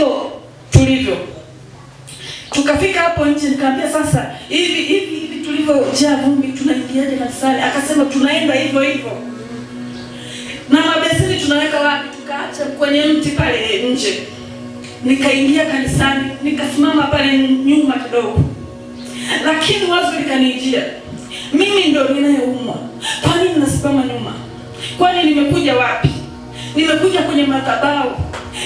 ndivyo tulivyo. Tukafika hapo nje, nikamwambia sasa hivi hivi hivi tulivyojaa vumbi tunaingiaje kanisani? Akasema tunaenda hivyo hivyo. Na mabeseni tunaweka wapi? Tukaacha kwenye mti pale nje. Nikaingia kanisani, nikasimama pale nyuma kidogo, lakini wazo likanijia, mimi ndo ninayeumwa. Kwani ninasimama nyuma? Kwani nimekuja wapi? Nimekuja kwenye madhabahu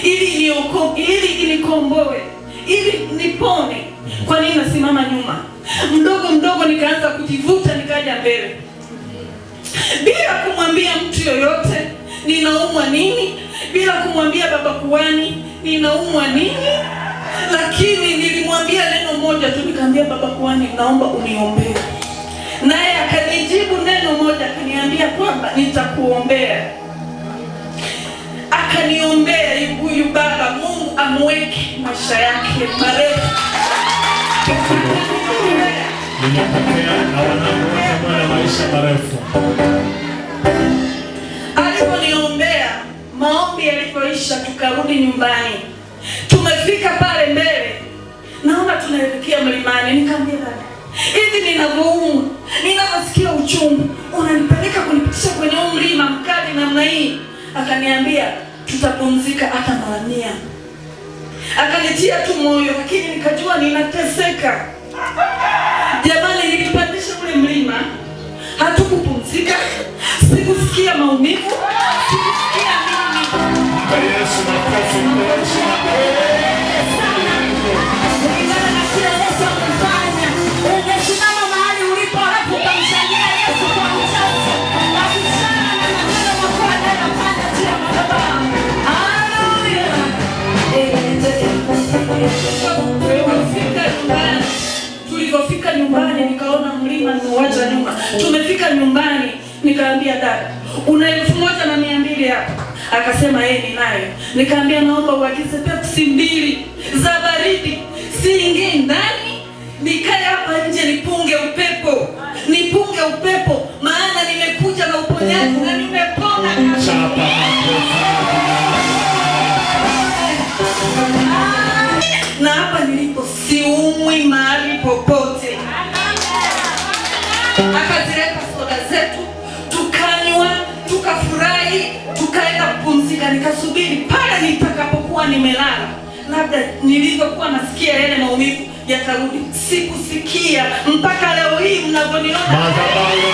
ili ili inikomboe, ili nipone. Kwa nini nasimama nyuma? Mdogo mdogo nikaanza kujivuta, nikaja mbele bila kumwambia mtu yoyote ninaumwa nini, bila kumwambia baba kuwani ninaumwa nini, lakini nilimwambia neno moja tu, nikaambia baba kuwani, naomba uniombee. Naye akanijibu neno moja, akaniambia kwamba nitakuombea, akaniombea amweke maisha yake marefu aliponiombea maombi yalipoisha, tukarudi nyumbani, tumefika pale mbele, naona tunaelekea mlimani, nikamwambia baba, hivi ninavyoumwa, ninavyosikia uchungu, unanipeleka kunipitisha kwenye huu mlima mkali namna hii? Akaniambia tutapumzika hata mara mia akanitia tu moyo, lakini nikajua ninateseka. Jamani, nilipandisha kule mlima, hatukupumzika, sikusikia maumivu, sikusikia mimi Tumefika nyumbani, nikaambia dada, una elfu moja na mia mbili hapa? Akasema yeye naye. Nikaambia naomba uagize Pepsi mbili za baridi, siingii ndani, nikae hapa nje nipunge upepo. akazileta soda zetu, tukanywa, tukafurahi, tukaenda kupumzika. Nikasubiri pale nitakapokuwa nimelala, labda nilivyokuwa nasikia yale maumivu yatarudi. Sikusikia mpaka leo hii mnavyoniona.